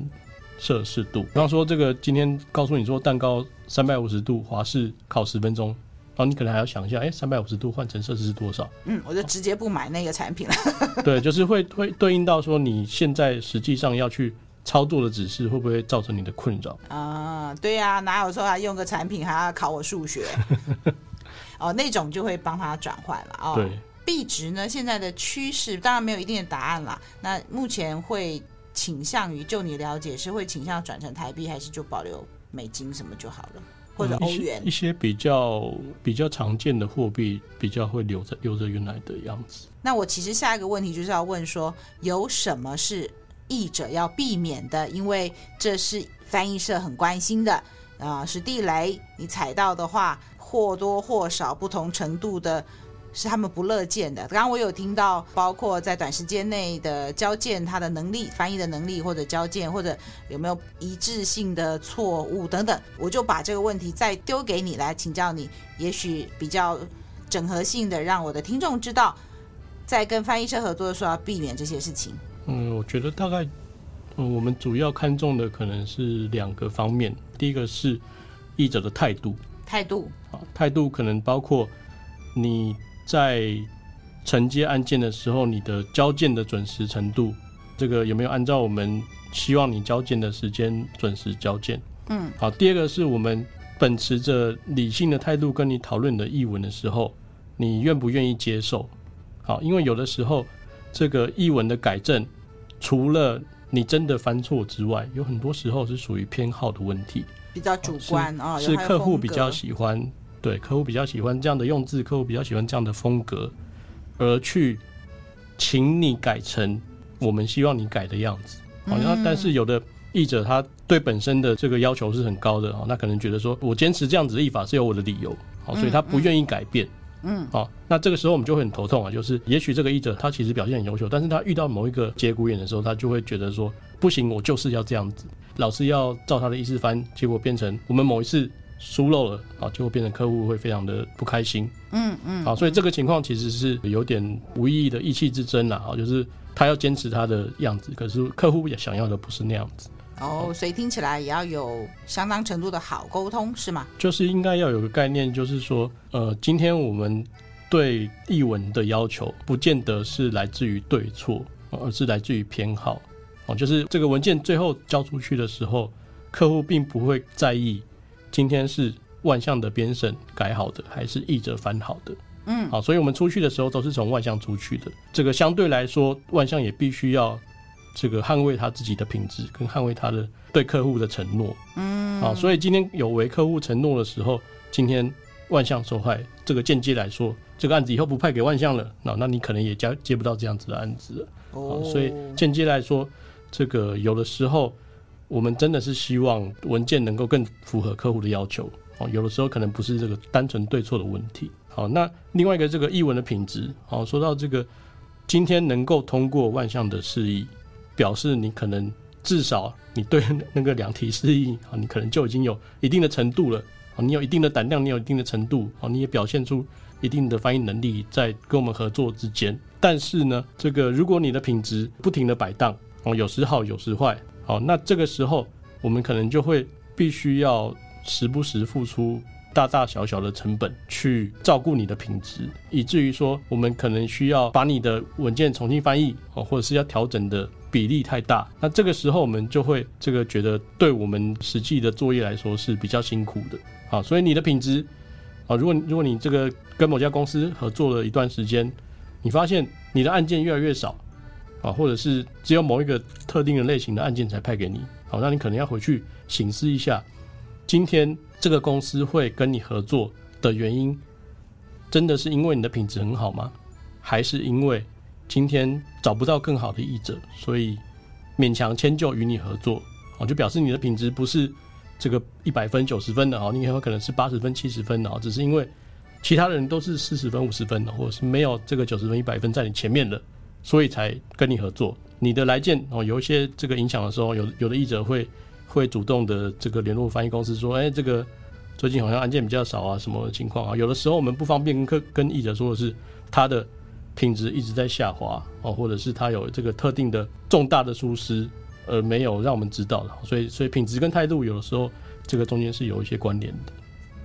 攝氏度。比方說，這個今天告訴你說，蛋糕三百五十度華氏烤十分鐘。哦，然後你可能還要想一下，哎，三百五十度換成攝氏是多少？嗯，我就直接不買那個產品了。 對，就是會會對應到說，你現在實際上要去操作的指示，會不會造成你的困擾？啊、嗯，對呀、啊，哪有說、啊、用個產品還要考我數學？ 哦，那種就會幫他轉換了。哦，對幣值呢？現在的趨勢當然沒有一定的答案啦。那目前會傾向於，就你了解是會傾向轉成台幣，還是就保留美金什麼就好了？或者歐元、嗯一，一些比較比較常見的貨幣，比較會留着留着原來的樣子。那我其實下一個問題就是要問說，有什麼是譯者要避免的？因為這是翻譯社很關心的啊、呃，是地雷，你踩到的話，或多或少不同程度的。是他們不樂見的。剛剛我有聽到，包括在短時間內的交件，他的能力、翻譯的能力，或者交件，或者有沒有一致性的錯誤等等，我就把這個問題再丟給你來請教你。你也許比較整合性的讓我的聽眾知道，在跟翻譯社合作的時候要避免這些事情。嗯，我覺得大概，嗯，我們主要看重的可能是兩個方面。第一個是譯者的態度，態度啊，態度可能包括你。在承接案件的時候，你的交件的準時程度，這個有沒有按照我們希望你交件的時間準時交件？嗯，好。第二個是我們秉持着理性的態度跟你討論的譯文的時候，你願不願意接受？好，因為有的時候這個譯文的改正，除了你真的犯錯之外，有很多時候是屬於偏好的問題，比較主觀啊，是，哦，是客戶比較喜歡。對，客戶比較喜歡這樣的用字，客戶比較喜歡這樣的風格，而去請你改成我們希望你改的樣子。好、嗯，那但是有的譯者他對本身的這個要求是很高的啊，那可能覺得說我堅持這樣子的譯法是有我的理由，好，所以他不願意改變。嗯，嗯，好、嗯，那這個時候我們就會很頭痛啊，就是也許這個譯者他其實表現很優秀，但是他遇到某一個節骨眼的時候，他就會覺得說不行，我就是要這樣子，老是要照他的意思翻，結果變成我們某一次，疏漏了啊，就會變成客戶會非常的不開心。嗯嗯，嗯好，所以這個情況其實是有點無意義的意氣之爭啦。啊，就是他要堅持他的樣子，可是客戶也想要的不是那樣子。哦，所以聽起來也要有相當程度的好溝通，是嗎？就是應該要有個概念，就是說，呃，今天我們對譯文的要求，不見得是來自於對錯，而是來自於偏好。哦，就是這個文件最後交出去的時候，客戶並不會在意。今天是萬象的編審改好的，還是譯者翻好的？嗯，好，所以我們出去的時候都是從萬象出去的。這個相對來說，萬象也必須要這個捍衛他自己的品質，跟捍衛他的對客戶的承諾。嗯，好，所以今天有違客戶承諾的時候，今天萬象受害，這個間接來說，這個案子以後不派給萬象了。那那你可能也接接不到這樣子的案子了。好，所以間接來說，這個有的時候。我們真的是希望文件能夠更符合客戶的要求哦。有的時候可能不是這個單純對錯的問題。好，那另外一個這個譯文的品質，好，說到這個，今天能夠通過萬象的試譯，表示你可能至少你對那個兩題試譯啊，你可能就已經有一定的程度了啊，你有一定的膽量，你有一定的程度啊，你也表現出一定的翻譯能力在跟我們合作之間。但是呢，這個如果你的品質不停的擺盪哦，有時好有時壞。好，那這個時候我們可能就會必須要時不時付出大大小小的成本去照顧你的品質，以至於說我們可能需要把你的文件重新翻譯，哦，或者是要調整的比例太大。那這個時候我們就會這個覺得對我們實際的作業來說是比較辛苦的。好，所以你的品質，啊，如果如果你這個跟某家公司合作了一段時間，你發現你的案件越來越少。啊，或者是只有某一個特定的類型的案件才派給你，好，那你可能要回去省思一下，今天這個公司會跟你合作的原因，真的是因為你的品質很好嗎？還是因為今天找不到更好的譯者，所以勉強遷就與你合作？哦，就表示你的品質不是這個一百分九十分的哦，你很有可能是八十分七十分的，只是因為其他人都是四十分五十分的，或者是沒有這個九十分一百分在你前面的。所以才跟你合作。你的來件哦，有一些這個影響的時候，有有的譯者會會主動的這個聯絡翻譯公司說：“哎，這個最近好像案件比較少啊，什麼情況啊？”有的時候我們不方便跟跟譯者說的是他的品質一直在下滑哦，或者是他有這個特定的重大的疏失，而沒有讓我們知道。所以，所以品質跟態度有的時候這個中間是有一些關聯的。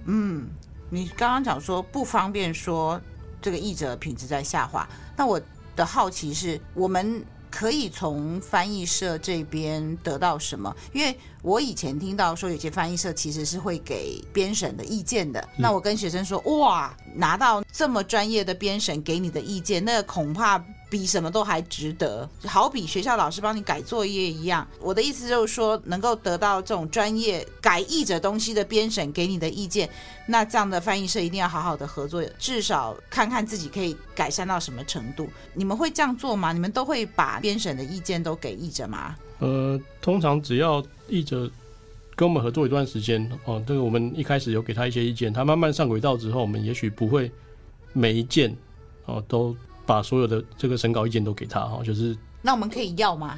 嗯，你剛剛講說不方便說這個譯者品質在下滑，那我。的好奇是，我們可以從翻譯社這邊得到什麼？因為我以前聽到說，有些翻譯社其實是會給編審的意見的。是那我跟學生說，哇，拿到這麼專業的編審給你的意見，那個、恐怕。比什麼都還值得，好比學校老師幫你改作業一樣。我的意思就是說，能夠得到這種專業改譯者東西的編審給你的意見，那這樣的翻譯社一定要好好的合作，至少看看自己可以改善到什麼程度。你們會這樣做嗎？你們都會把編審的意見都給譯者嗎？呃，通常只要譯者跟我們合作一段時間，哦，這個我們一開始有給他一些意見，他慢慢上軌道之後，我們也許不會每一件哦都。把所有的這個審稿意見都給他哈，就是那我們可以要嗎？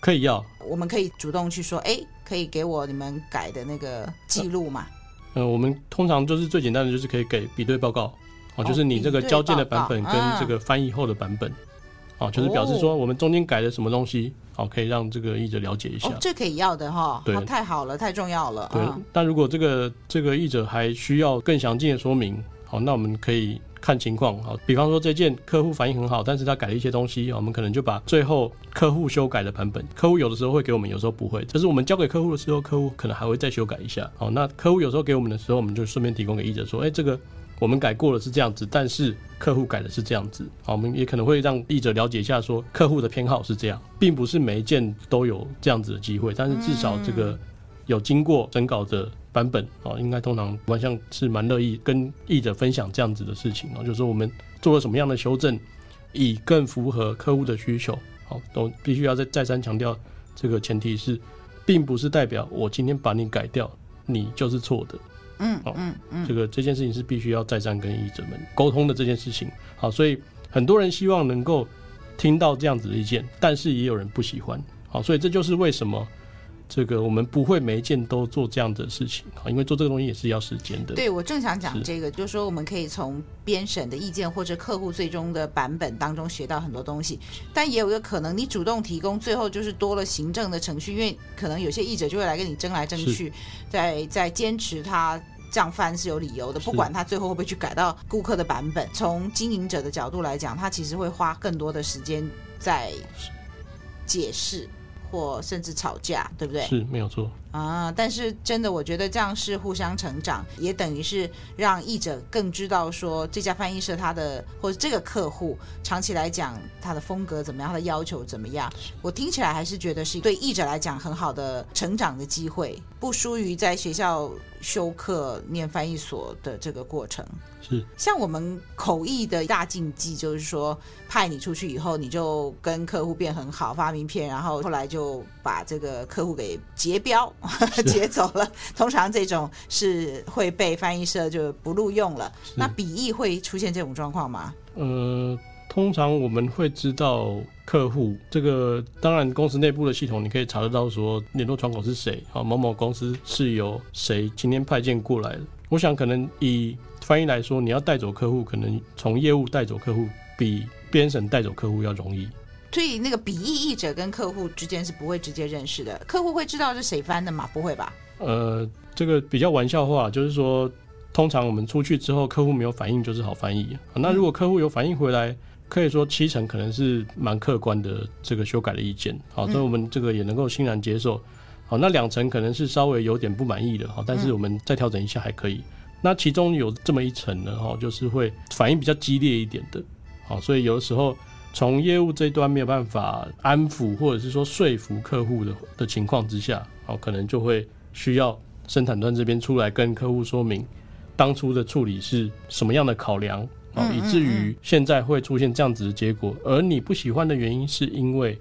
可以要，我們可以主動去說，哎、欸，可以給我你們改的那個記錄嗎？嗯、呃呃，我們通常就是最簡單的，就是可以給比對報告，哦、喔，就是你這個交件的版本跟這個翻譯後的版本，哦、嗯喔，就是表示說我們中間改了什麼東西，哦、喔，可以讓這個譯者了解一下，哦、這可以要的哈、哦，對，太好了，太重要了，對。嗯、但如果這個這個譯者還需要更詳盡的說明，哦，那我們可以看情況，好比方說這件客戶反應很好，但是他改了一些東西，我們可能就把最後客戶修改的版本。客戶有的時候會給我們，有時候不會。這是我們交給客戶的時候，客戶可能還會再修改一下。好，那客戶有時候給我們的時候，我們就順便提供給譯者說，誒、欸，這個我們改過了是這樣子，但是客戶改的是這樣子。好，我們也可能會讓譯者了解一下，說客戶的偏好是這樣，並不是每一件都有這樣子的機會，但是至少這個有經過整稿的版本哦，應該通常蠻像是蠻樂意跟譯者分享這樣子的事情哦，就是說我們做了什麼樣的修正，以更符合客戶的需求。好、哦，都必須要再再三強調，這個前提是，並不是代表我今天把你改掉，你就是錯的、哦嗯。嗯，好，嗯嗯，這個這件事情是必須要再三跟譯者們溝通的這件事情。好、哦，所以很多人希望能夠聽到這樣子的意見，但是也有人不喜歡。好、哦，所以這就是為什麼。這個我們不會每一件都做這樣的事情，因為做這個東西也是要時間的。對，我正想講這個，是就是說我們可以從編審的意見或者客戶最終的版本當中學到很多東西，但也有個可能，你主動提供，最後就是多了行政的程序，因為可能有些譯者就會來跟你爭來爭去，在在是堅持他這樣翻是有理由的，不管他最後會不會去改到顧客的版本。從經營者的角度來講，他其實會花更多的時間在解釋，或甚至吵架，對不對？是沒有錯。啊，但是真的，我覺得這樣是互相成長，也等於是讓譯者更知道說這家翻譯社他的，或者這個客戶長期來講他的風格怎麼樣，他的要求怎麼樣。我聽起來還是覺得是對譯者來講很好的成長的機會，不輸於在學校修課念翻譯所的這個過程。是，像我們口譯的大禁忌就是說，派你出去以後，你就跟客戶變很好，發名片，然後後來就把這個客戶給截標。接 走了，是通常這種是會被翻譯社就不錄用了。是那筆譯會出現這種狀況嗎？呃，通常我們會知道客戶這個，當然公司內部的系統你可以查得到，說聯絡窗口是誰啊？某某公司是由誰今天派件過來的？我想可能以翻譯來說，你要帶走客戶，可能從業務帶走客戶比編審帶走客戶要容易。所以那個筆譯譯者跟客戶之間是不會直接認識的，客戶會知道是誰翻的嗎？不會吧？呃，這個比較玩笑話，就是說，通常我們出去之後，客戶沒有反應就是好翻譯。那如果客戶有反應回來，嗯、可以說七成可能是蠻客觀的這個修改的意見，好，嗯、所以我們這個也能夠欣然接受。好，那兩成可能是稍微有點不滿意的，好，但是我們再調整一下還可以。嗯、那其中有這麼一成呢，哈，就是會反應比較激烈一點的，好，所以有的時候。從業務這一端沒有辦法安撫，或者是說說服客戶的的情況之下，哦，可能就會需要生產端這邊出來跟客戶說明，當初的處理是什麼樣的考量，哦、嗯嗯嗯，以至於現在會出現這樣子的結果。而你不喜歡的原因，是因為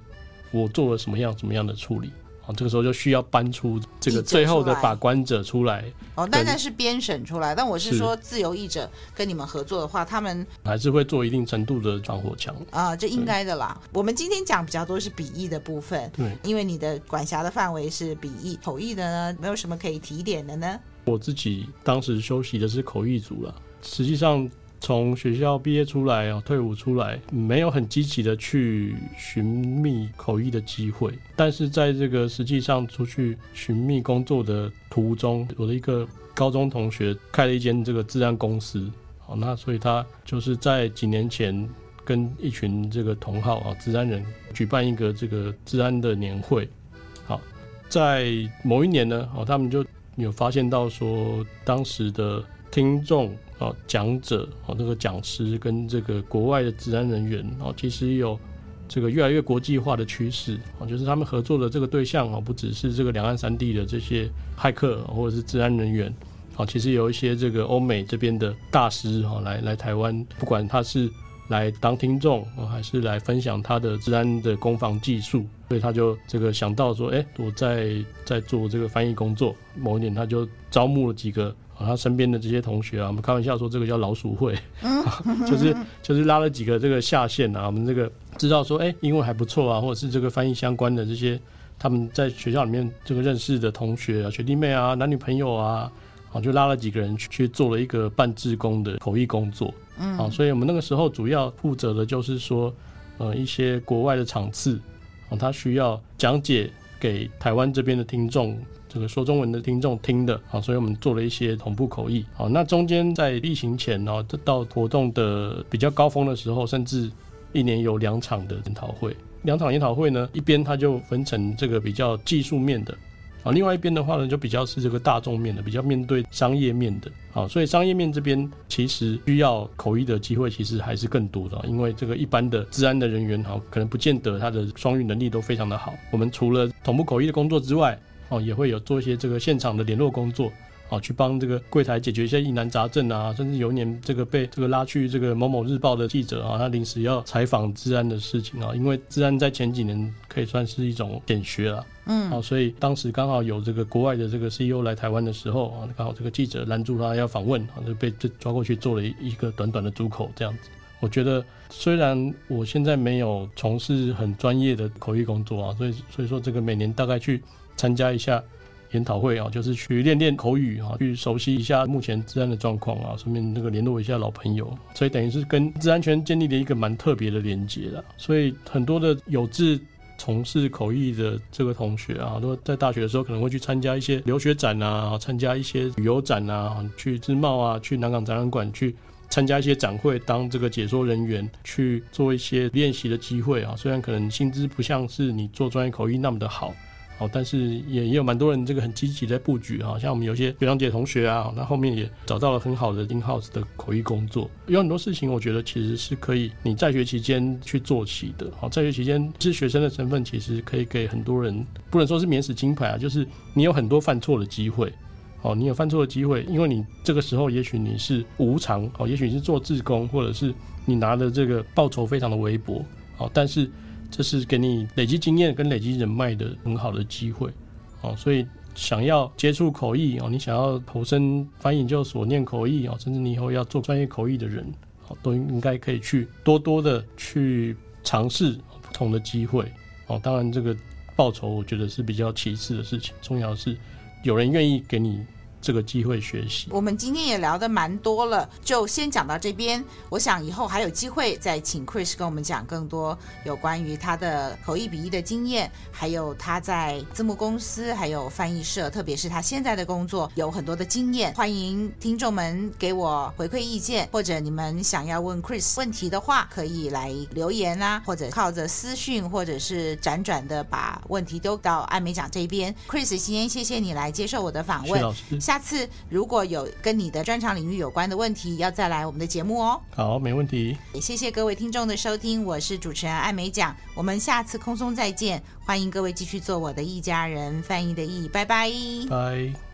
我做了什麼樣、什麼樣的處理。哦，這個時候就需要搬出這個最後的把關者出來,者出來。哦，當然是編審出來。但我是說，自由譯者跟你們合作的話，是他們還是會做一定程度的防火牆啊，這應該的啦。對我們今天講比較多是筆譯的部分，對，因為你的管轄的範圍是筆譯、口譯的呢，沒有什麼可以提點的呢。我自己當時休息的是口譯組了，實際上。從學校畢業出來啊，退伍出來，沒有很積極的去尋覓口譯的機會。但是在這個實際上出去尋覓工作的途中，我的一個高中同學開了一間這個治安公司，好，那所以他就是在幾年前跟一群這個同好啊，治安人舉辦一個這個治安的年會，好，在某一年呢，哦，他們就有發現到說當時的聽眾。講者哦，這個講師跟這個國外的治安人員哦，其實有這個越來越國際化的趨勢哦，就是他們合作的這個對象哦，不只是這個兩岸三地的這些駭客或者是治安人員哦，其實有一些這個歐美這邊的大師哦，來來台灣，不管他是來當聽眾哦，還是來分享他的治安的攻防技術，所以他就這個想到說，誒，我在在做這個翻譯工作，某一年他就招募了幾個。他、啊、身邊的這些同學啊，我們開玩笑說這個叫“老鼠會”，啊、就是就是拉了幾個這個下線啊。我們這個知道說，哎、欸，英文還不錯啊，或者是這個翻譯相關的這些，他們在學校裡面這個認識的同學啊、學弟妹啊、男女朋友啊，啊就拉了幾個人去，去做了一個半志工的口譯工作。啊。所以我們那個時候主要負責的就是說，呃，一些國外的場次，啊，他需要講解給台灣這邊的聽眾。這個說中文的聽眾聽的啊，所以我們做了一些同步口譯。好，那中間在疫情前，然後這到活動的比較高峰的時候，甚至一年有兩場的研討會。兩場研討會呢，一邊它就分成這個比較技術面的啊，另外一邊的話呢，就比較是這個大眾面的，比較面對商業面的啊。所以商業面這邊其實需要口譯的機會，其實還是更多的，因為這個一般的治安的人員哈，可能不見得他的雙語能力都非常的好。我們除了同步口譯的工作之外，哦，也會有做一些這個現場的聯絡工作，啊，去幫這個櫃檯解決一些疑難雜症啊，甚至有一年這個被這個拉去這個某某日報的記者啊，他臨時要採訪治安的事情啊，因為治安在前幾年可以算是一種顯學了，嗯，哦，所以當時剛好有這個國外的這個 CEO 來台灣的時候啊，剛好這個記者攔住他要訪問，就被這抓過去做了一個短短的逐口這樣子。我覺得雖然我現在沒有從事很專業的口譯工作啊，所以所以說這個每年大概去。參加一下研討會啊，就是去練練口語啊，去熟悉一下目前治安的狀況啊，順便那個聯絡一下老朋友，所以等於是跟治安圈建立了一個蠻特別的連接啦。所以很多的有志從事口譯的這個同學啊，都在大學的時候可能會去參加一些留學展啊，參加一些旅遊展啊，去世貿啊，去南港展覽館去參加一些展會，當這個解說人員去做一些練習的機會啊。雖然可能薪資不像是你做專業口譯那麼的好，好，但是也也有蠻多人這個很積極在布局啊、喔，像我們有些學長姐同學啊，那後面也找到了很好的 in-house 的口譯工作。有很多事情，我覺得其實是可以你在學期間去做起的。好、喔，在學期間是學生的身份，其實可以給很多人不能說是免死金牌啊，就是你有很多犯錯的機會。好、喔，你有犯錯的機會，因為你這個時候也許你是無償，哦、喔，也許你是做志工，或者是你拿的這個報酬非常的微薄。好、喔，但是。這是給你累積經驗跟累積人脈的很好的機會，哦，所以想要接觸口譯哦，你想要投身翻譯研究所念口譯哦，甚至你以後要做專業口譯的人，哦，都應該可以去多多的去嘗試不同的機會，哦，當然這個報酬我覺得是比較其次的事情，重要的是有人願意給你。這個機會學習。我們今天也聊得蠻多了，就先講到這邊。我想以後還有機會再請 Kris 跟我們講更多有關於他的口譯筆譯的經驗，還有他在字幕公司、還有翻譯社，特別是他現在的工作有很多的經驗。歡迎聽眾們給我回饋意見，或者你們想要問 Kris 問題的話，可以來留言啊，或者靠着私訊，或者是輾轉的把問題丟到艾美講這邊。Kris，今天謝謝你來接受我的訪問。下次如果有跟你的專長領域有關的問題，要再來我們的節目哦。好，沒問題。也謝謝各位聽眾的收聽，我是主持人艾美講。我們下次空中再見，歡迎各位繼續做我的譯家人。翻譯的譯，拜拜。拜。